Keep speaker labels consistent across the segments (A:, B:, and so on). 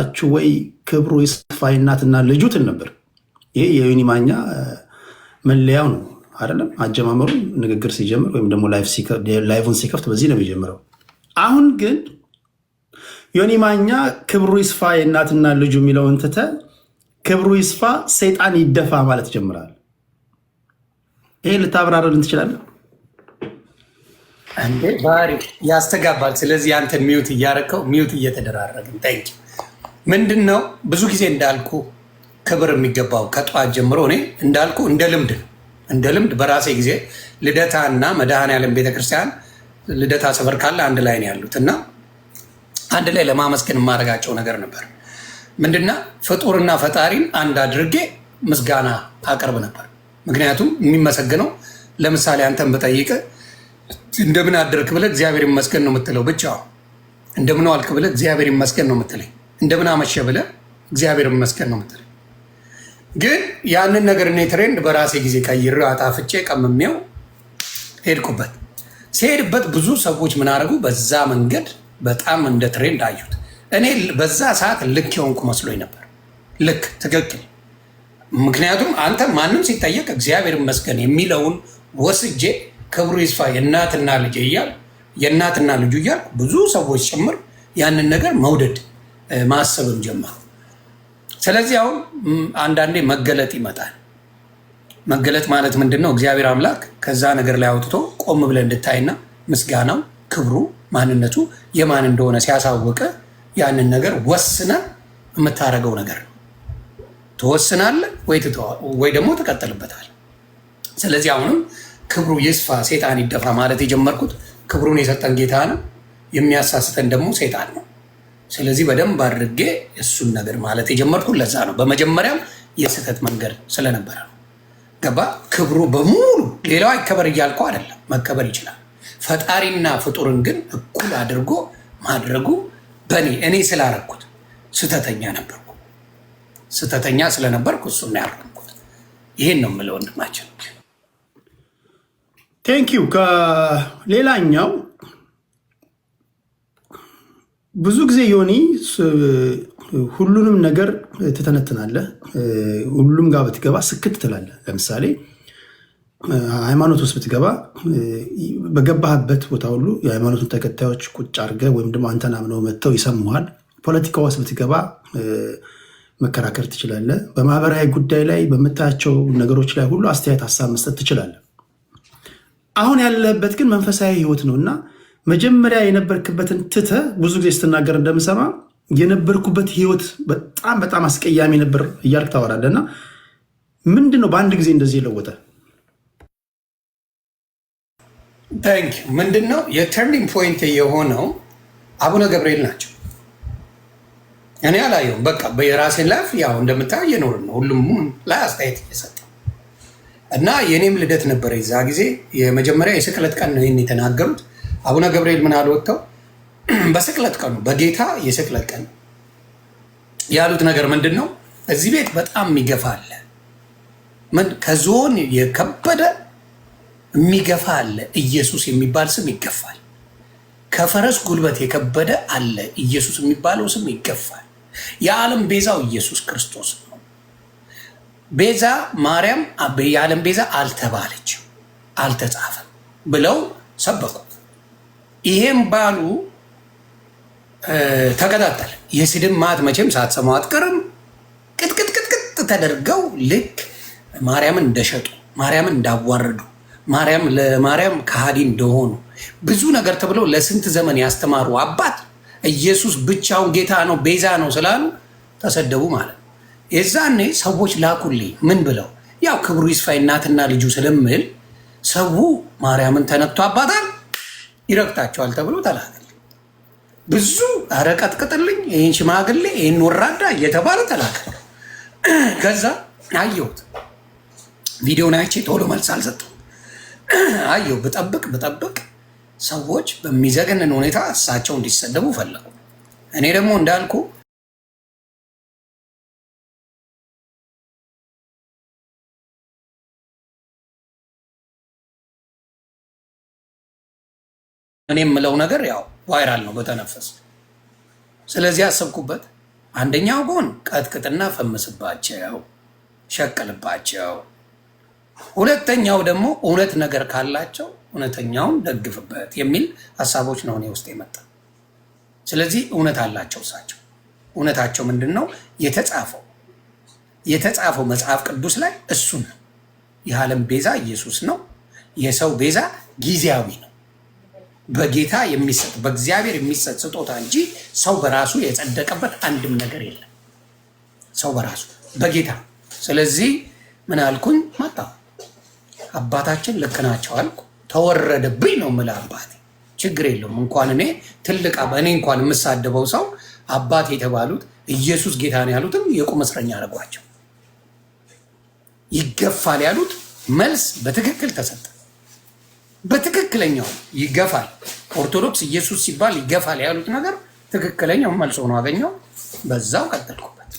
A: ያላችሁ ወይ ክብሩ ይስፋ እናትና ልጁ ትል ነበር። ይሄ የዩኒ ማኛ መለያው ነው አይደለም? አጀማመሩ ንግግር ሲጀምር ወይም ደግሞ ላይቭን ሲከፍት በዚህ ነው የጀምረው። አሁን ግን ዮኒ ማኛ ክብሩ ይስፋ የእናትና ልጁ የሚለውን ትተህ ክብሩ ይስፋ ሰይጣን ይደፋ ማለት ይጀምራል። ይሄ ልታብራረልን ትችላለህ?
B: ባህሪ ያስተጋባል። ስለዚህ አንተን ሚውት እያረከው ሚውት እየተደራረግን
A: ምንድን ነው ብዙ ጊዜ እንዳልኩ ክብር የሚገባው ከጠዋት ጀምሮ እኔ እንዳልኩ እንደ ልምድ ነው እንደ ልምድ በራሴ ጊዜ ልደታ እና መድኃኔዓለም ቤተክርስቲያን ልደታ ሰፈር ካለ አንድ ላይ ነው ያሉት እና አንድ ላይ ለማመስገን የማደርጋቸው ነገር ነበር። ምንድና ፍጡርና ፈጣሪን አንድ አድርጌ ምስጋና አቅርብ ነበር። ምክንያቱም የሚመሰግነው ለምሳሌ አንተን ብጠይቅ እንደምን አደርክ ብለህ እግዚአብሔር ይመስገን ነው የምትለው ብቻ። እንደምን ዋልክ ብለህ እግዚአብሔር ይመስገን ነው የምትለኝ እንደምን አመሸ ብለ እግዚአብሔር ይመስገን ነው ምትል። ግን ያንን ነገር እኔ ትሬንድ በራሴ ጊዜ ቀይር አጣፍጬ ቀምሜው ሄድኩበት። ሲሄድበት ብዙ ሰዎች ምን አደረጉ? በዛ መንገድ በጣም እንደ ትሬንድ አዩት። እኔ በዛ ሰዓት ልክ የሆንኩ መስሎኝ ነበር። ልክ ትክክል። ምክንያቱም አንተ ማንም ሲጠየቅ እግዚአብሔር ይመስገን የሚለውን ወስጄ ክብሩ ይስፋ የእናትና ልጅ እያል የእናትና ልጁ እያል ብዙ ሰዎች ጭምር ያንን ነገር መውደድ ማሰብም ጀመሩ። ስለዚህ አሁን አንዳንዴ መገለጥ ይመጣል። መገለጥ ማለት ምንድን ነው? እግዚአብሔር አምላክ ከዛ ነገር ላይ አውጥቶ ቆም ብለን እንድታይና ምስጋናው፣ ክብሩ፣ ማንነቱ የማን እንደሆነ ሲያሳወቀ ያንን ነገር ወስነ የምታደርገው ነገር ነው። ትወስናለህ ወይ ደግሞ ትቀጥልበታል። ስለዚህ አሁንም ክብሩ ይስፋ ሴጣን ይደፋ ማለት የጀመርኩት ክብሩን የሰጠን ጌታ ነው፣ የሚያሳስተን ደግሞ ሴጣን ነው። ስለዚህ በደንብ አድርጌ እሱን ነገር ማለት የጀመርኩ ለዛ ነው። በመጀመሪያም የስህተት መንገድ ስለነበረ ነው። ገባ ክብሩ በሙሉ ሌላው አይከበር እያልኩ አይደለም፣ መከበር ይችላል። ፈጣሪና ፍጡርን ግን እኩል አድርጎ ማድረጉ በእኔ እኔ ስላረኩት ስህተተኛ ነበርኩ። ስህተተኛ ስለነበርኩ እሱን ያረኩት። ይሄን ነው የምለው ወንድማችን ቴንኪው። ከሌላኛው ብዙ ጊዜ ዮኒ ሁሉንም ነገር ትተነትናለህ። ሁሉም ጋር ብትገባ ስክት ትላለህ። ለምሳሌ ሃይማኖት ውስጥ ብትገባ በገባህበት ቦታ ሁሉ የሃይማኖቱን ተከታዮች ቁጭ አድርገህ ወይም ደግሞ አንተን አምነው መጥተው ይሰሙሃል። ፖለቲካ ውስጥ ብትገባ መከራከር ትችላለህ። በማህበራዊ ጉዳይ ላይ በምታያቸው ነገሮች ላይ ሁሉ አስተያየት፣ ሀሳብ መስጠት ትችላለህ። አሁን ያለበት ግን መንፈሳዊ ህይወት ነው እና መጀመሪያ የነበርክበትን ትተ ብዙ ጊዜ ስትናገር እንደምሰማ የነበርኩበት ህይወት በጣም በጣም አስቀያሚ ነበር እያልክ ታወራለህ። እና ምንድን ነው በአንድ ጊዜ እንደዚህ የለወጠ?
B: ታንክ ምንድን ነው የተርኒንግ ፖይንት የሆነው አቡነ ገብርኤል ናቸው። እኔ አላየሁም። በቃ የራሴን ላይፍ ያው እንደምታየው እየኖርን ነው። ሁሉም ላይ አስተያየት እየሰጠ እና የእኔም ልደት ነበረ የዛ ጊዜ የመጀመሪያ የስቅለት ቀን ነው ይህን የተናገሩት አቡነ ገብርኤል ምን አሉ ወጥተው በስቅለት ቀኑ በጌታ የስቅለት ቀን ያሉት ነገር ምንድን ነው? እዚህ ቤት በጣም የሚገፋ አለ። ምን ከዞን የከበደ የሚገፋ አለ። ኢየሱስ የሚባል ስም ይገፋል። ከፈረስ ጉልበት የከበደ አለ። ኢየሱስ የሚባለው ስም ይገፋል። የዓለም ቤዛው ኢየሱስ ክርስቶስ ነው። ቤዛ ማርያም የዓለም ቤዛ አልተባለችም፣ አልተጻፈም ብለው ሰበኩ። ይሄም ባሉ ተቀጣጠል የስድብ ማት መቼም ሳትሰማው አትቀርም። ቅጥቅጥቅጥቅጥ ተደርገው ልክ ማርያምን እንደሸጡ፣ ማርያምን እንዳዋረዱ፣ ማርያም ለማርያም ከሃዲ እንደሆኑ ብዙ ነገር ተብለው ለስንት ዘመን ያስተማሩ አባት ኢየሱስ ብቻውን ጌታ ነው ቤዛ ነው ስላሉ ተሰደቡ ማለት ነው። የዛኔ ሰዎች ላኩልኝ ምን ብለው ያው ክብሩ ይስፋ እናትና ልጁ ስለምል ሰው ማርያምን ተነክቶ አባታል ይረግጣቸዋል ተብሎ ተላከልኝ። ብዙ ኧረ ቀጥቅጥልኝ፣ ይህን ሽማግሌ፣ ይህን ወራዳ እየተባለ ተላከ። ከዛ አየሁት ቪዲዮን አይቼ ቶሎ መልስ አልሰጠሁም። አየሁ ብጠብቅ ብጠብቅ ሰዎች በሚዘገንን ሁኔታ እሳቸው እንዲሰደቡ ፈለጉ። እኔ ደግሞ እንዳልኩ እኔ የምለው ነገር ያው ቫይራል ነው በተነፈስ። ስለዚህ አሰብኩበት። አንደኛው ጎን ቀጥቅጥና ፈምስባቸው፣ ሸቅልባቸው። ሁለተኛው ደግሞ እውነት ነገር ካላቸው እውነተኛውን ደግፍበት የሚል ሀሳቦች ነው እኔ ውስጥ የመጣ። ስለዚህ እውነት አላቸው እሳቸው። እውነታቸው ምንድን ነው? የተጻፈው የተጻፈው መጽሐፍ ቅዱስ ላይ እሱን ነው። የዓለም ቤዛ ኢየሱስ ነው። የሰው ቤዛ ጊዜያዊ ነው። በጌታ የሚሰጥ በእግዚአብሔር የሚሰጥ ስጦታ እንጂ ሰው በራሱ የጸደቀበት አንድም ነገር የለም። ሰው በራሱ በጌታ ስለዚህ ምን አልኩኝ? መጣሁ አባታችን ልክ ናቸው አልኩ። ተወረደብኝ ነው የምልህ አባቴ። ችግር የለውም እንኳን እኔ ትልቅ እኔ እንኳን የምሳደበው ሰው አባት የተባሉት ኢየሱስ ጌታ ነው ያሉትም የቁም እስረኛ አድርጓቸው ይገፋል ያሉት መልስ በትክክል ተሰጠ። በትክክለኛው ይገፋል። ኦርቶዶክስ ኢየሱስ ሲባል ይገፋል ያሉት ነገር ትክክለኛው መልሶ ነው አገኘው። በዛው ቀጠልኩበት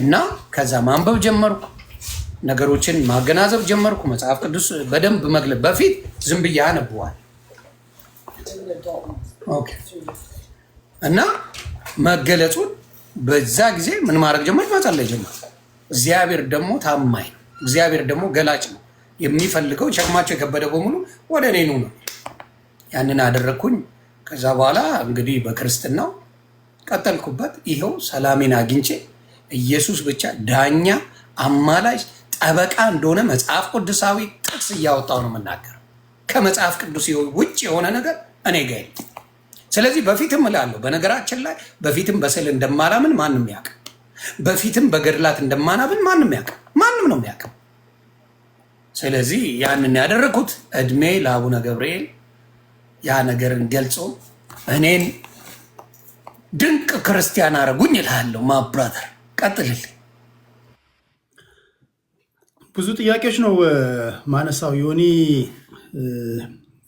B: እና ከዛ ማንበብ ጀመርኩ፣ ነገሮችን ማገናዘብ ጀመርኩ። መጽሐፍ ቅዱስ በደንብ መግለብ በፊት ዝም ብዬ አነበዋል እና መገለጹን በዛ ጊዜ ምን ማድረግ ጀመር መጸለይ ጀመር። እግዚአብሔር ደግሞ ታማኝ ነው። እግዚአብሔር ደግሞ ገላጭ ነው። የሚፈልገው ሸክማቸው የከበደ በሙሉ ወደ እኔ ኑ ነው። ያንን አደረግኩኝ። ከዛ በኋላ እንግዲህ በክርስትናው ቀጠልኩበት። ይኸው ሰላሜን አግኝቼ ኢየሱስ ብቻ ዳኛ፣ አማላጅ፣ ጠበቃ እንደሆነ መጽሐፍ ቅዱሳዊ ጥቅስ እያወጣው ነው የምናገረው። ከመጽሐፍ ቅዱስ ውጭ የሆነ ነገር እኔ ጋ የለም። ስለዚህ በፊትም እላለሁ፣ በነገራችን ላይ በፊትም በስዕል እንደማላምን ማንም ያውቅ፣ በፊትም በገድላት እንደማናምን ማንም ያውቅ፣ ማንም ነው የሚያውቅ። ስለዚህ ያንን ያደረግኩት እድሜ ለአቡነ ገብርኤል ያ ነገርን ገልጾ እኔን ድንቅ ክርስቲያን አረጉኝ እልሃለሁ። ማብራተር ቀጥልልኝ።
A: ብዙ ጥያቄዎች ነው ማነሳው ዮኒ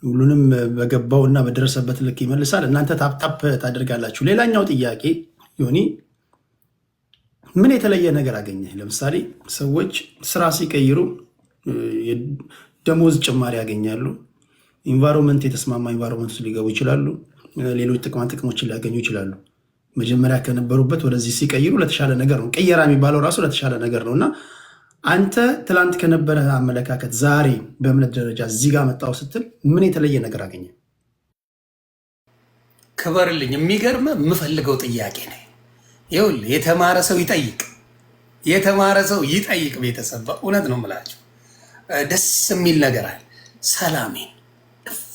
A: ሁሉንም በገባው እና በደረሰበት ልክ ይመልሳል። እናንተ ታፕታፕ ታደርጋላችሁ። ሌላኛው ጥያቄ ዮኒ ምን የተለየ ነገር አገኘ? ለምሳሌ ሰዎች ስራ ሲቀይሩ ደሞዝ ጭማሪ ያገኛሉ። ኢንቫይሮንመንት የተስማማ ኢንቫይሮንመንት ውስጥ ሊገቡ ይችላሉ። ሌሎች ጥቅማ ጥቅሞችን ሊያገኙ ይችላሉ። መጀመሪያ ከነበሩበት ወደዚህ ሲቀይሩ ለተሻለ ነገር ነው። ቀየራ የሚባለው ራሱ ለተሻለ ነገር ነው እና አንተ ትላንት ከነበረ አመለካከት ዛሬ በእምነት ደረጃ እዚህ ጋር መጣው ስትል ምን የተለየ ነገር አገኘ?
B: ክበርልኝ። የሚገርም የምፈልገው ጥያቄ ነው። ይኸውልህ የተማረ ሰው ይጠይቅ፣ የተማረ ሰው ይጠይቅ። ቤተሰብ በእውነት ነው የምላቸው ደስ የሚል ነገር አለ። ሰላሜን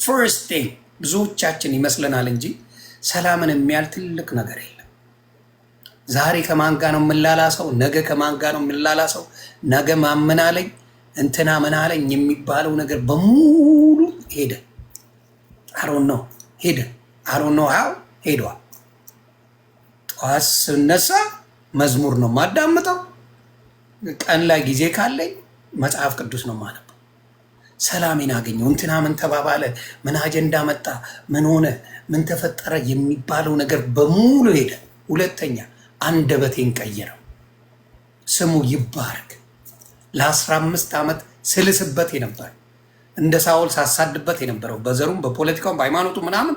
B: ፈርስት ቲንግ ብዙዎቻችን ይመስለናል እንጂ ሰላምን የሚያል ትልቅ ነገር የለም። ዛሬ ከማን ጋር ነው የምላላሰው? ነገ ከማን ነው ነው የምላላሰው? ነገ ማምናለኝ እንትና ምናለኝ የሚባለው ነገር በሙሉ ሄደ። አሮን ነው ሄደ። አሮን ነው ሀው ሄዷል። ጠዋት ስነሳ መዝሙር ነው ማዳምጠው ቀን ላይ ጊዜ ካለኝ መጽሐፍ ቅዱስ ነው ማለት ሰላሜን አገኘው። እንትና ምን ተባባለ፣ ምን አጀንዳ መጣ፣ ምን ሆነ፣ ምን ተፈጠረ የሚባለው ነገር በሙሉ ሄደ። ሁለተኛ አንደበቴን ቀየረው። ስሙ ይባርክ ለአስራ አምስት ዓመት ስልስበት የነበረ እንደ ሳውል ሳሳድበት የነበረው በዘሩም በፖለቲካውም በሃይማኖቱ ምናምን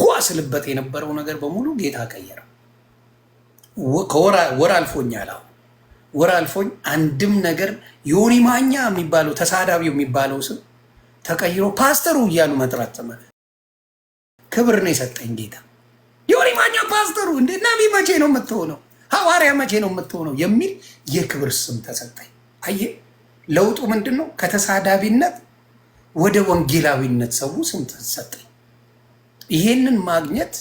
B: ጓ ስልበት የነበረው ነገር በሙሉ ጌታ ቀየረው። ወር አልፎኛል አሁን ወር አልፎኝ አንድም ነገር ዮኒ ማኛ የሚባለው ተሳዳቢው የሚባለው ስም ተቀይሮ ፓስተሩ እያሉ መጥራት ተመለ ክብር ነው የሰጠኝ ጌታ። ዮኒ ማኛ ፓስተሩ እንዴ ነቢ መቼ ነው የምትሆነው? ሐዋርያ መቼ ነው የምትሆነው? የሚል የክብር ስም ተሰጠኝ። አየ ለውጡ ምንድን ነው? ከተሳዳቢነት ወደ ወንጌላዊነት ሰው ስም ተሰጠኝ። ይሄንን ማግኘት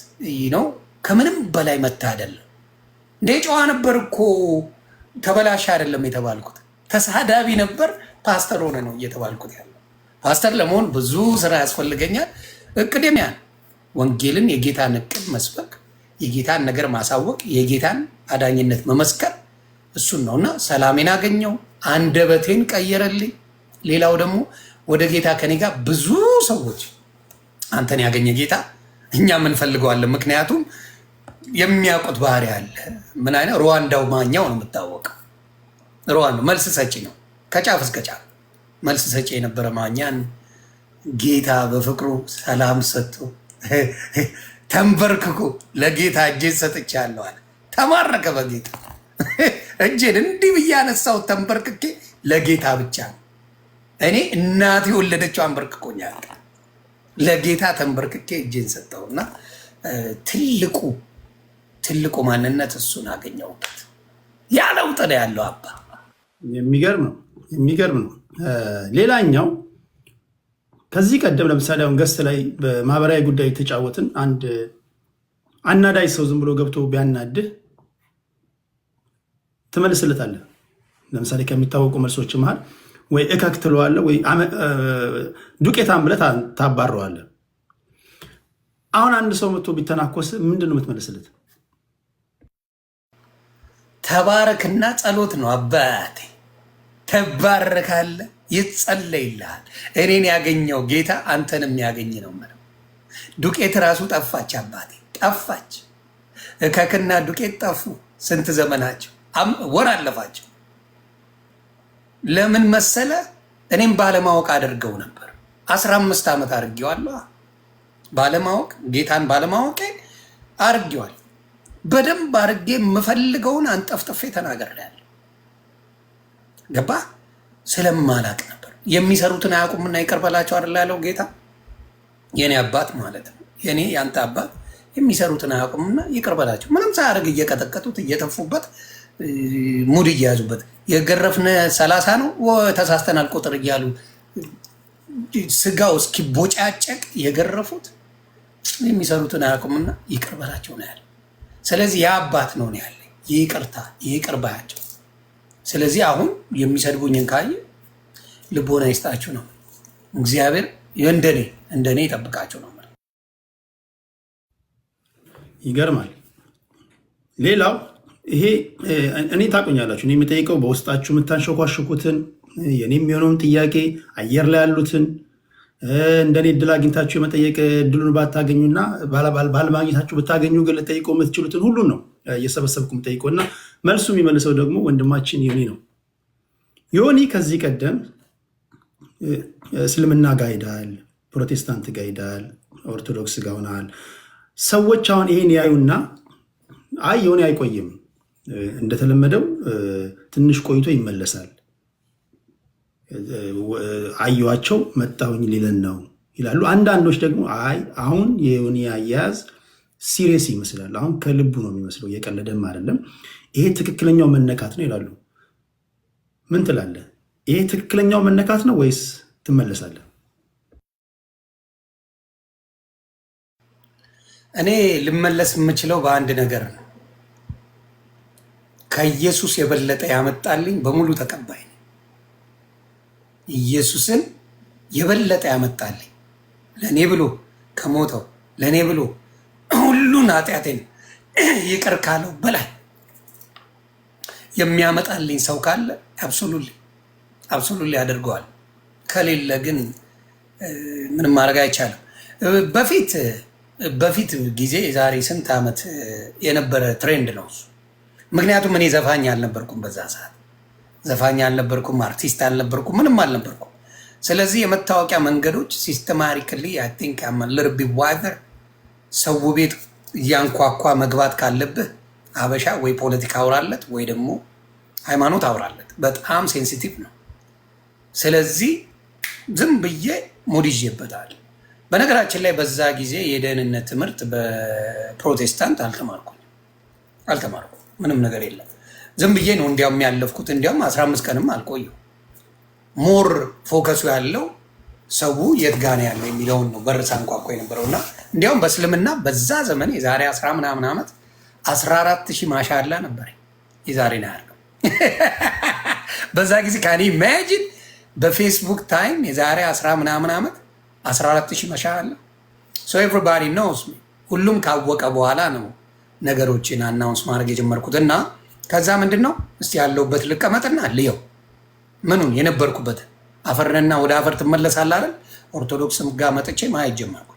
B: ነው ከምንም በላይ መታደል። እንዴ ጨዋ ነበር እኮ ተበላሽ አይደለም የተባልኩት፣ ተሳዳቢ ነበር ፓስተር ሆነ ነው እየተባልኩት ያለ። ፓስተር ለመሆን ብዙ ስራ ያስፈልገኛል። እቅድም ያን ወንጌልን የጌታን እቅድ መስበክ፣ የጌታን ነገር ማሳወቅ፣ የጌታን አዳኝነት መመስከር እሱን ነው እና ሰላሜን አገኘው፣ አንደበቴን ቀየረልኝ። ሌላው ደግሞ ወደ ጌታ ከኔ ጋር ብዙ ሰዎች አንተን ያገኘ ጌታ እኛም እንፈልገዋለን ምክንያቱም የሚያውቁት ባህሪ አለ። ምን አይነት ሩዋንዳው ማኛው ነው የምታወቀው። ሩዋንዳ መልስ ሰጪ ነው፣ ከጫፍ እስከ ጫፍ መልስ ሰጪ የነበረ ማኛን ጌታ በፍቅሩ ሰላም ሰጥቶ ተንበርክኮ ለጌታ እጄን ሰጥቻለሁ አለ። ተማረከ በጌታ እጄን እንዲህ ብዬ ያነሳሁት ተንበርክኬ ለጌታ ብቻ ነው። እኔ እናት የወለደችው አንበርክኮኛል። ለጌታ ተንበርክኬ እጄን እና ትልቁ ትልቁ ማንነት እሱን አገኘውበት። ያ ለውጥ ነው ያለው። አባ
A: የሚገርም ነው፣ የሚገርም ነው። ሌላኛው ከዚህ ቀደም ለምሳሌ አሁን ገስት ላይ በማህበራዊ ጉዳይ የተጫወትን አንድ አናዳጅ ሰው ዝም ብሎ ገብቶ ቢያናድህ ትመልስለታለህ። ለምሳሌ ከሚታወቁ መልሶች መሃል ወይ እከክ ትለዋለህ፣ ወይ ዱቄታም ብለህ ታባረዋለህ። አሁን አንድ ሰው መጥቶ ቢተናኮስ ምንድን ነው የምትመልስለት?
B: ተባረክና ጸሎት ነው። አባቴ ትባረካለህ፣ ይጸለይልሃል። እኔን ያገኘው ጌታ አንተን የሚያገኝ ነው። ምንም ዱቄት ራሱ ጠፋች፣ አባቴ ጠፋች። እከክና ዱቄት ጠፉ። ስንት ዘመናቸው ወር አለፋቸው። ለምን መሰለ? እኔም ባለማወቅ አድርገው ነበር። አስራ አምስት ዓመት አድርጌዋለሁ። ባለማወቅ ጌታን ባለማወቄ አድርጌዋል። በደንብ አድርጌ የምፈልገውን አንጠፍጥፌ ተናግሬያለሁ። ገባ ስለማላቅ ነበር። የሚሰሩትን አያውቁምና ይቅር በላቸው አይደል ያለው ጌታ። የኔ አባት ማለት ነው የኔ ያንተ አባት የሚሰሩትን አያውቁምና ይቅር በላቸው። ምንም ሳያደርግ እየቀጠቀጡት እየተፉበት ሙድ እየያዙበት የገረፍነ ሰላሳ ነው ተሳስተናል ቁጥር እያሉ ስጋው እስኪቦጫጨቅ የገረፉት የሚሰሩትን አያውቁምና ይቅር በላቸው ነው ያለ። ስለዚህ ያ አባት ነው ያለ ይቅርታ ይቅር ባያቸው። ስለዚህ አሁን የሚሰድቡኝን ካየ ልቦና ይስጣችሁ ነው እግዚአብሔር እንደኔ እንደኔ ይጠብቃችሁ ነው።
A: ይገርማል። ሌላው ይሄ እኔ ታቆኛላችሁ እኔ የምጠይቀው በውስጣችሁ የምታንሸኳሽኩትን የኔ የሚሆነውን ጥያቄ አየር ላይ ያሉትን እንደኔ እድል አግኝታችሁ የመጠየቅ እድሉን ባታገኙና ባለማግኘታችሁ ብታገኙ ግን ልጠይቆ የምትችሉትን ሁሉን ነው እየሰበሰብኩ ጠይቆ እና መልሱ የሚመልሰው ደግሞ ወንድማችን ዮኒ ነው። ዮኒ ከዚህ ቀደም እስልምና ጋ ሄዳል፣ ፕሮቴስታንት ጋ ሄዳል፣ ኦርቶዶክስ ጋ ሆናል። ሰዎች አሁን ይሄን ያዩና አይ ዮኒ አይቆይም እንደተለመደው ትንሽ ቆይቶ ይመለሳል አየዋቸው መጣሁኝ ሊለን ነው ይላሉ። አንዳንዶች ደግሞ አይ አሁን የዮኒ አያያዝ ሲሪየስ ይመስላል፣ አሁን ከልቡ ነው የሚመስለው፣ እየቀለደም አይደለም፣ ይሄ ትክክለኛው መነካት ነው ይላሉ። ምን ትላለህ? ይሄ ትክክለኛው መነካት ነው ወይስ ትመለሳለህ?
B: እኔ ልመለስ የምችለው በአንድ ነገር ነው። ከኢየሱስ የበለጠ ያመጣልኝ በሙሉ ተቀባይ ነው። ኢየሱስን የበለጠ ያመጣልኝ ለእኔ ብሎ ከሞተው ለእኔ ብሎ ሁሉን ኃጢአቴን ይቅር ካለው በላይ የሚያመጣልኝ ሰው ካለ አብሶሉሊ አብሶሉሊ ያደርገዋል። ከሌለ ግን ምንም ማድረግ አይቻልም። በፊት በፊት ጊዜ የዛሬ ስንት ዓመት የነበረ ትሬንድ ነው እሱ። ምክንያቱም እኔ ዘፋኝ አልነበርኩም በዛ ሰዓት ዘፋኝ አልነበርኩም፣ አርቲስት አልነበርኩም፣ ምንም አልነበርኩም። ስለዚህ የመታወቂያ መንገዶች ሲስተማቲካሊ አይ ቲንክ ልርቢ ዋዘር ሰው ቤት እያንኳኳ መግባት ካለብህ አበሻ ወይ ፖለቲካ አውራለት ወይ ደግሞ ሃይማኖት አውራለት። በጣም ሴንሲቲቭ ነው። ስለዚህ ዝም ብዬ ሙድ ይዤበታል። በነገራችን ላይ በዛ ጊዜ የደህንነት ትምህርት በፕሮቴስታንት አልተማርኩም አልተማርኩ ምንም ነገር የለም። ዝም ብዬ ነው እንዲያውም ያለፍኩት። እንዲያውም አስራ አምስት ቀንም አልቆየው። ሞር ፎከሱ ያለው ሰው የት ጋ ነው ያለው የሚለውን ነው በር ሳንኳኳ የነበረው እና እንዲያውም በእስልምና በዛ ዘመን የዛሬ አስራ ምናምን ዓመት አስራ አራት ሺህ ማሻላ ነበር። የዛሬ ነው ያለው በዛ ጊዜ ካኔ ኢማጂን በፌስቡክ ታይም የዛሬ አስራ ምናምን ዓመት አስራ አራት ሺህ ማሻላ ሶ ኤቭሪባዲ ኖውስ ሁሉም ካወቀ በኋላ ነው ነገሮችን አናውንስ ማድረግ የጀመርኩት እና ከዛ ምንድን ነው እስቲ ያለሁበት ልቀመጥና ልየው ምኑን የነበርኩበት አፈርነና ወደ አፈር ትመለሳለህ አይደል? ኦርቶዶክስም ጋር መጥቼ ማየት ጀመርኩ።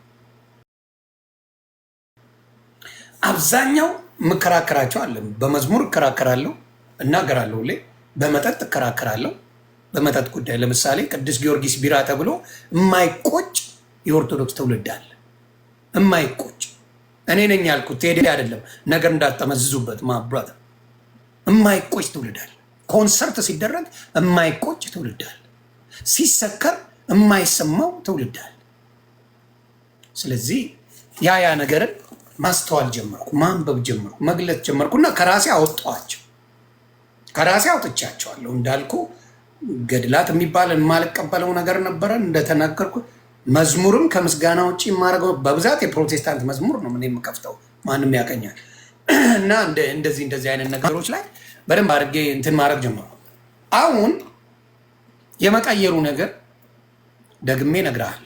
B: አብዛኛው ምከራከራቸው አለ። በመዝሙር እከራከራለሁ፣ እናገራለሁ። ሁሌ በመጠጥ እከራከራለሁ። በመጠጥ ጉዳይ ለምሳሌ ቅዱስ ጊዮርጊስ ቢራ ተብሎ የማይቆጭ የኦርቶዶክስ ትውልድ አለ። የማይቆጭ እኔ ነኝ ያልኩት ቴዲ አይደለም። ነገር እንዳጠመዝዙበት ማብራት እማይቆጭ ትውልዳል። ኮንሰርት ሲደረግ እማይቆጭ ትውልዳል። ሲሰከር እማይሰማው ትውልዳል። ስለዚህ ያ ያ ነገርን ማስተዋል ጀመርኩ፣ ማንበብ ጀመርኩ፣ መግለጽ እና ከራሴ አወጣኋቸው። ከራሴ አውጥቻቸዋለሁ። እንዳልኩ ገድላት የሚባል የማልቀበለው ነገር ነበረ። እንደተናገርኩ መዝሙርም ከምስጋና ውጭ የማደርገው በብዛት የፕሮቴስታንት መዝሙር ነው። ምን የምከፍተው ማንም ያቀኛል። እና እንደዚህ እንደዚህ አይነት ነገሮች ላይ በደንብ አድርጌ እንትን ማድረግ ጀመሩ። አሁን የመቀየሩ ነገር ደግሜ ነግረሃል።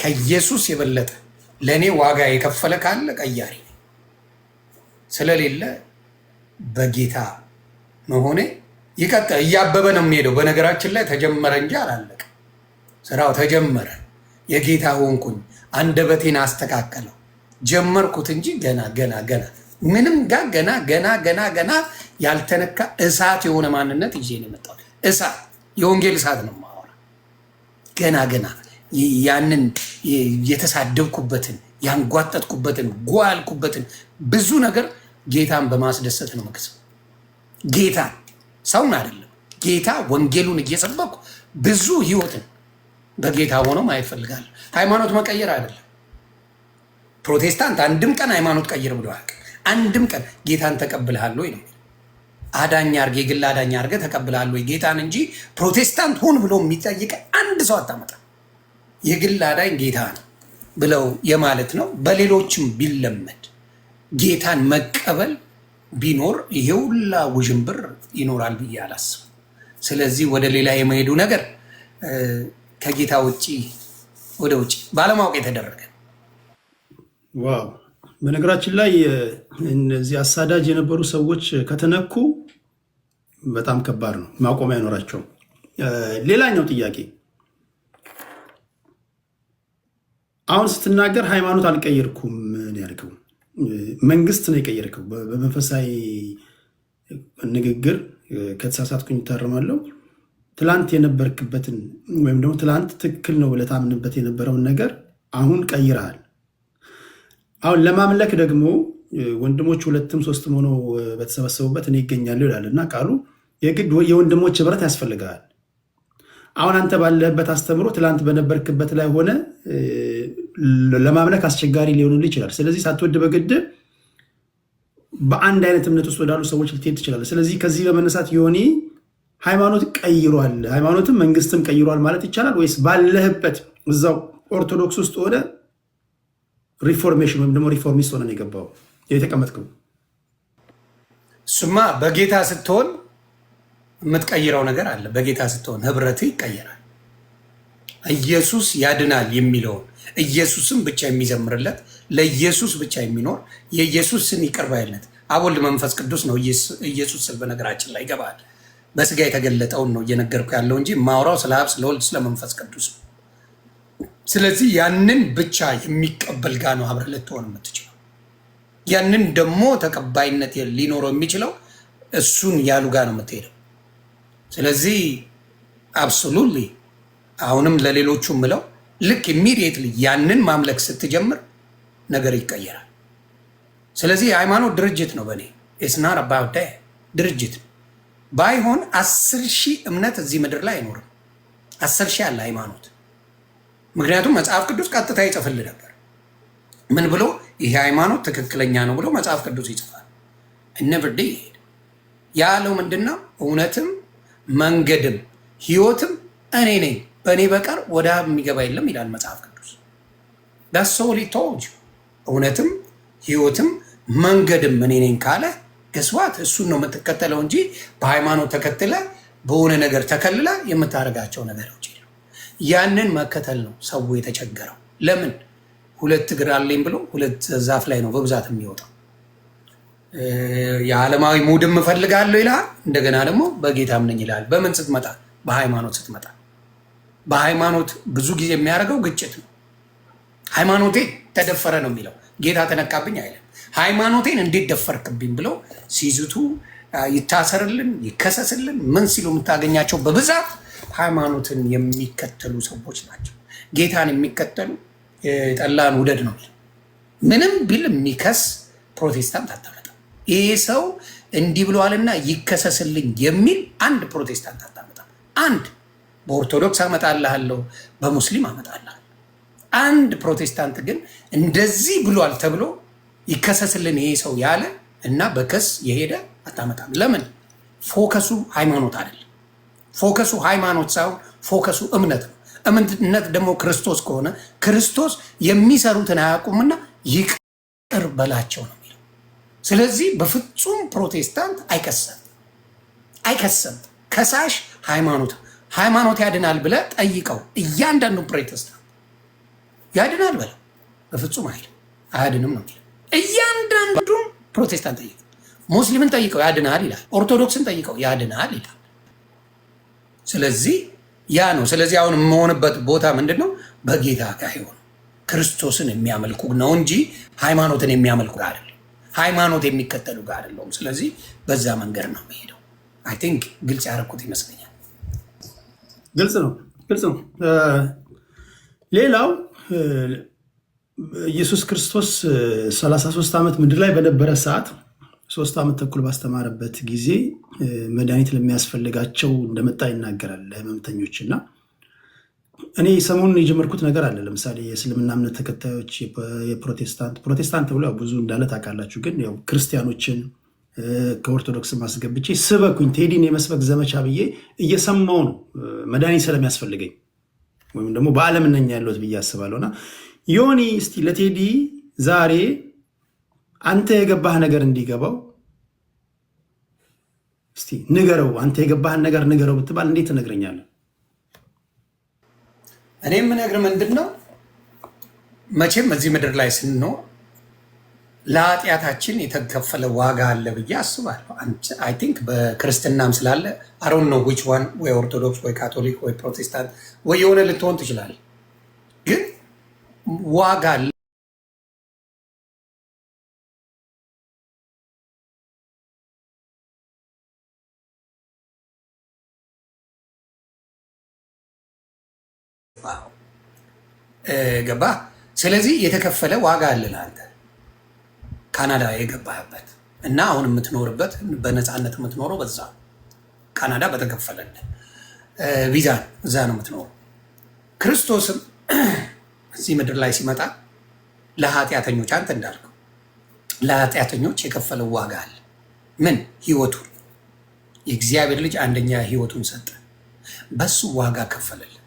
B: ከኢየሱስ የበለጠ ለእኔ ዋጋ የከፈለ ካለ ቀያሪ ስለሌለ በጌታ መሆኔ ይቀጥል። እያበበ ነው የሚሄደው። በነገራችን ላይ ተጀመረ እንጂ አላለቀም። ስራው ተጀመረ። የጌታ ሆንኩኝ፣ አንደበቴን አስተካከለው፣ ጀመርኩት እንጂ ገና ገና ገና ምንም ጋር ገና ገና ገና ገና ያልተነካ እሳት የሆነ ማንነት ይዤ ነው የመጣው። እሳት የወንጌል እሳት ነው የማወራ። ገና ገና ያንን የተሳደብኩበትን ያንጓጠጥኩበትን ጓልኩበትን ብዙ ነገር ጌታን በማስደሰት ነው መክሰው። ጌታ ሰውን አይደለም ጌታ ወንጌሉን እየሰበኩ ብዙ ህይወትን በጌታ ሆኖ ማየት ሃይማኖት መቀየር አይደለም። ፕሮቴስታንት አንድም ቀን ሃይማኖት ቀይር ብለ አያውቅም። አንድም ቀን ጌታን ተቀብልሃል ወይ ነው አዳኝ አርገ የግል አዳኝ አርገ ተቀብልሃል ወይ ጌታን እንጂ ፕሮቴስታንት ሁን ብሎ የሚጠይቅ አንድ ሰው አታመጣ የግል አዳኝ ጌታ ነው ብለው የማለት ነው በሌሎችም ቢለመድ ጌታን መቀበል ቢኖር ይሄ ሁላ ውዥንብር ይኖራል ብዬ አላስብም። ስለዚህ ወደ ሌላ የመሄዱ ነገር ከጌታ ውጭ ወደ ውጭ ባለማወቅ የተደረገ
A: ዋው በነገራችን ላይ እነዚህ አሳዳጅ የነበሩ ሰዎች ከተነኩ በጣም ከባድ ነው፣ ማቆሚያ አይኖራቸውም። ሌላኛው ጥያቄ አሁን ስትናገር ሃይማኖት አልቀየርኩም ያልከው መንግስት ነው የቀየርከው። በመንፈሳዊ ንግግር ከተሳሳትኩኝ ይታረማለሁ። ትላንት የነበርክበትን ወይም ደግሞ ትላንት ትክክል ነው ብለህ ታምንበት የነበረውን ነገር አሁን ቀይረሃል። አሁን ለማምለክ ደግሞ ወንድሞች ሁለትም ሶስትም ሆነው በተሰበሰቡበት እኔ ይገኛሉ ይላል እና ቃሉ የግድ የወንድሞች ህብረት ያስፈልጋል። አሁን አንተ ባለህበት አስተምሮ ትላንት በነበርክበት ላይ ሆነ ለማምለክ አስቸጋሪ ሊሆንልህ ይችላል። ስለዚህ ሳትወድ በግድ በአንድ አይነት እምነት ውስጥ ወዳሉ ሰዎች ልትሄድ ትችላለህ። ስለዚህ ከዚህ በመነሳት ዮኒ ሃይማኖት ቀይሯል፣ ሃይማኖትም መንግስትም ቀይሯል ማለት ይቻላል ወይስ ባለህበት እዛው ኦርቶዶክስ ውስጥ ሆነ ሪፎርሜሽን ወይም ደግሞ ሪፎርሚስት ሆነን የገባው የተቀመጥከው።
B: ሱማ በጌታ ስትሆን የምትቀይረው ነገር አለ። በጌታ ስትሆን ህብረት ይቀየራል። ኢየሱስ ያድናል የሚለውን ኢየሱስን ብቻ የሚዘምርለት ለኢየሱስ ብቻ የሚኖር የኢየሱስን ይቅር ባይነት አብ ወልድ መንፈስ ቅዱስ ነው። ኢየሱስ ስል በነገራችን ላይ ይገባል። በስጋ የተገለጠውን ነው እየነገርኩ ያለው እንጂ ማውራው ስለ አብ ስለ ወልድ ስለ መንፈስ ቅዱስ ነው። ስለዚህ ያንን ብቻ የሚቀበል ጋር ነው አብረህ ልትሆን የምትችለው። ያንን ደግሞ ተቀባይነት ሊኖረው የሚችለው እሱን ያሉ ጋር ነው የምትሄደው። ስለዚህ አብሶሉትሊ አሁንም ለሌሎቹ ምለው ልክ ኢሚዲየትሊ ያንን ማምለክ ስትጀምር ነገር ይቀየራል። ስለዚህ የሃይማኖት ድርጅት ነው በእኔ ስናር አባዳ ድርጅት ባይሆን አስር ሺህ እምነት እዚህ ምድር ላይ አይኖርም። አስር ሺህ አለ ሃይማኖት ምክንያቱም መጽሐፍ ቅዱስ ቀጥታ ይጽፍል ነበር። ምን ብሎ ይሄ ሃይማኖት ትክክለኛ ነው ብሎ መጽሐፍ ቅዱስ ይጽፋል። እነብርዴ ያለው ምንድነው? እውነትም መንገድም ህይወትም እኔ ነኝ፣ በእኔ በቀር ወደ አብ የሚገባ የለም ይላል መጽሐፍ ቅዱስ። ዳሰው ሊታወጅ እውነትም ህይወትም መንገድም እኔ ነኝ ካለ ገስዋት እሱን ነው የምትከተለው እንጂ በሃይማኖት ተከትለ በሆነ ነገር ተከልለ የምታደርጋቸው ነገሮች ያንን መከተል ነው ሰው የተቸገረው። ለምን ሁለት እግር አለኝ ብሎ ሁለት ዛፍ ላይ ነው በብዛት የሚወጣው። የዓለማዊ ሙድም እፈልጋለሁ ይላል እንደገና ደግሞ በጌታ ነኝ ይላል። በምን ስትመጣ? በሃይማኖት ስትመጣ። በሃይማኖት ብዙ ጊዜ የሚያደርገው ግጭት ነው። ሃይማኖቴ ተደፈረ ነው የሚለው ጌታ ተነካብኝ አይለም። ሃይማኖቴን እንዴት ደፈርክብኝ ብለው ሲዝቱ ይታሰርልን፣ ይከሰስልን ምን ሲሉ የምታገኛቸው በብዛት ሃይማኖትን የሚከተሉ ሰዎች ናቸው። ጌታን የሚከተሉ ጠላን ውደድ ነው። ምንም ቢል የሚከስ ፕሮቴስታንት አታመጣም። ይሄ ሰው እንዲህ ብለዋልና ይከሰስልኝ የሚል አንድ ፕሮቴስታንት አታመጣም። አንድ በኦርቶዶክስ አመጣልሃለሁ፣ በሙስሊም አመጣልሃለሁ። አንድ ፕሮቴስታንት ግን እንደዚህ ብሏል ተብሎ ይከሰስልን ይሄ ሰው ያለ እና በክስ የሄደ አታመጣም። ለምን? ፎከሱ ሃይማኖት አይደለም። ፎከሱ ሃይማኖት ሳይሆን ፎከሱ እምነት ነው። እምነት ደግሞ ክርስቶስ ከሆነ ክርስቶስ የሚሰሩትን አያውቁምና ይቅር በላቸው ነው የሚለው። ስለዚህ በፍጹም ፕሮቴስታንት አይከሰም አይከሰም። ከሳሽ ሃይማኖት ሃይማኖት ያድናል ብለ ጠይቀው። እያንዳንዱ ፕሮቴስታንት ያድናል በለው በፍጹም አይል አያድንም ነው እያንዳንዱም ፕሮቴስታንት ጠይቀው፣ ሙስሊምን ጠይቀው ያድናል ይላል። ኦርቶዶክስን ጠይቀው ያድናል ይላል። ስለዚህ ያ ነው። ስለዚህ አሁን የምሆንበት ቦታ ምንድን ነው? በጌታ ጋር ክርስቶስን የሚያመልኩ ነው እንጂ ሃይማኖትን የሚያመልኩ ጋር አይደለም፣ ሃይማኖት የሚከተሉ ጋር አይደለም። ስለዚህ በዛ መንገድ ነው የሚሄደው። አይ ቲንክ ግልጽ ያደረኩት ይመስለኛል።
A: ግልጽ ነው፣ ግልጽ ነው። ሌላው ኢየሱስ ክርስቶስ 33 ዓመት ምድር ላይ በነበረ ሰዓት ሶስት ዓመት ተኩል ባስተማረበት ጊዜ መድኃኒት ለሚያስፈልጋቸው እንደመጣ ይናገራል ለህመምተኞች። እና እኔ ሰሞኑን የጀመርኩት ነገር አለ። ለምሳሌ የእስልምና እምነት ተከታዮች የፕሮቴስታንት ፕሮቴስታንት ብሎ ብዙ እንዳለ ታውቃላችሁ፣ ግን ያው ክርስቲያኖችን ከኦርቶዶክስ ማስገብቼ ስበኩኝ ቴዲን የመስበክ ዘመቻ ብዬ እየሰማው ነው መድኃኒት ስለሚያስፈልገኝ ወይም ደግሞ በዓለም ነኝ ያለሁት ብዬ አስባለሁ ዮኒ እስቲ ለቴዲ ዛሬ አንተ የገባህ ነገር እንዲገባው እስቲ ንገረው። አንተ የገባህን ነገር ንገረው ብትባል እንዴት ትነግረኛለህ?
B: እኔ የምነግር ምንድን ነው፣ መቼም እዚህ ምድር ላይ ስንኖር ለኃጢአታችን የተከፈለ ዋጋ አለ ብዬ አስባለሁ። አይ ቲንክ በክርስትናም ስላለ አሮን ነው ዊች ዋን ወይ ኦርቶዶክስ ወይ ካቶሊክ ወይ ፕሮቴስታንት ወይ የሆነ ልትሆን ትችላለህ፣ ግን ዋጋ አለ ገባ። ስለዚህ የተከፈለ ዋጋ አለ ለአንተ ካናዳ የገባህበት እና አሁን የምትኖርበት በነፃነት የምትኖረው በዛ ካናዳ በተከፈለን ቪዛ እዛ ነው የምትኖረው። ክርስቶስም እዚህ ምድር ላይ ሲመጣ ለኃጢአተኞች አንተ እንዳልከው ለኃጢአተኞች የከፈለው ዋጋ አለ። ምን ህይወቱን የእግዚአብሔር ልጅ አንደኛ ህይወቱን ሰጠ። በሱ ዋጋ ከፈለልን።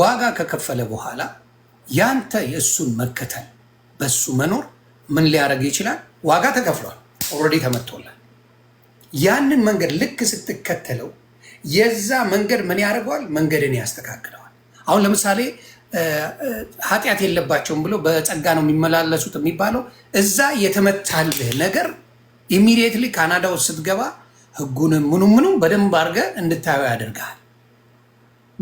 B: ዋጋ ከከፈለ በኋላ ያንተ የእሱን መከተል በሱ መኖር ምን ሊያደርግ ይችላል? ዋጋ ተከፍሏል። ኦልሬዲ ተመቶላል። ያንን መንገድ ልክ ስትከተለው የዛ መንገድ ምን ያደርገዋል? መንገድን ያስተካክለዋል። አሁን ለምሳሌ ኃጢአት የለባቸውም ብሎ በጸጋ ነው የሚመላለሱት የሚባለው እዛ የተመታልህ ነገር ኢሚዲየትሊ ካናዳ ውስጥ ስትገባ ህጉንም ምኑ ምኑም በደንብ አድርገህ እንድታየው ያደርግሃል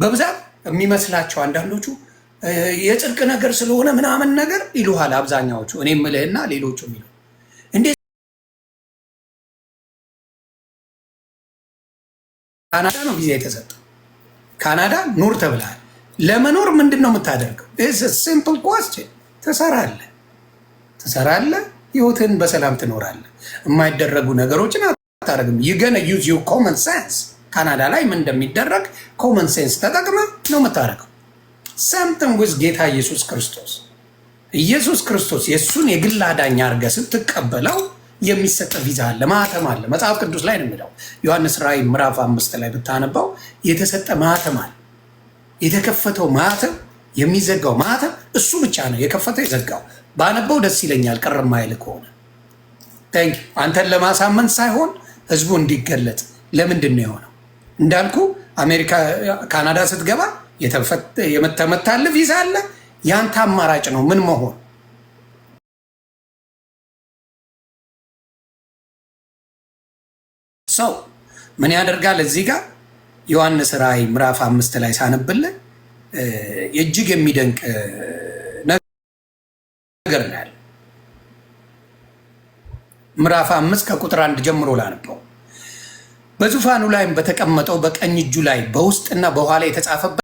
B: በብዛት የሚመስላቸው አንዳንዶቹ የጽድቅ ነገር ስለሆነ ምናምን ነገር ይሉሃል አብዛኛዎቹ። እኔ ምልህና ሌሎቹ የሚሉ ካናዳ ነው ጊዜ የተሰጠው። ካናዳ ኑር ተብላል ለመኖር ምንድን ነው የምታደርገው? ሲምፕል ኳስችን ትሰራለህ፣ ትሰራለህ፣ ህይወትህን በሰላም ትኖራለህ። የማይደረጉ ነገሮችን አታደርግም። ዩ ገነ ዩዝ ዩ ኮመን ሴንስ ካናዳ ላይ ምን እንደሚደረግ ኮመን ሴንስ ተጠቅመ ነው የምታደርገው። ሰምትን ዊዝ ጌታ ኢየሱስ ክርስቶስ ኢየሱስ ክርስቶስ የእሱን የግል አዳኝ አድርገህ ስትቀበለው የሚሰጥ ቪዛ አለ፣ ማህተም አለ። መጽሐፍ ቅዱስ ላይ ነው የሚለው። ዮሐንስ ራእይ ምዕራፍ አምስት ላይ ብታነባው የተሰጠ ማህተም አለ። የተከፈተው ማህተም የሚዘጋው ማህተም እሱ ብቻ ነው የከፈተው የዘጋው። ባነበው ደስ ይለኛል፣ ቅር ማይል ከሆነ አንተን ለማሳመን ሳይሆን ህዝቡ እንዲገለጥ ለምንድን ነው የሆነው? እንዳልኩ አሜሪካ ካናዳ ስትገባ የተመታል ቪዛ አለ። ያንተ አማራጭ ነው ምን መሆን ሰው ምን ያደርጋል። እዚህ ጋር ዮሐንስ ራእይ ምዕራፍ አምስት ላይ ሳነብልህ እጅግ የሚደንቅ ነገር ነው ያለ ምዕራፍ አምስት ከቁጥር አንድ ጀምሮ ላነበው በዙፋኑ ላይም በተቀመጠው በቀኝ እጁ ላይ በውስጥና በኋላ የተጻፈበት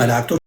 B: ما لعبتوش